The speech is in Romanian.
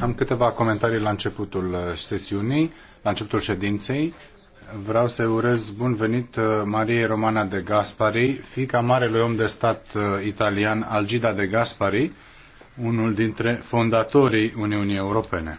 Am câteva comentarii la începutul uh, sesiunii, la începutul ședinței. Vreau să-i urez bun venit uh, Mariei Romana de Gaspari, fica marelui om de stat uh, italian Algida de Gaspari, unul dintre fondatorii Uniunii Europene.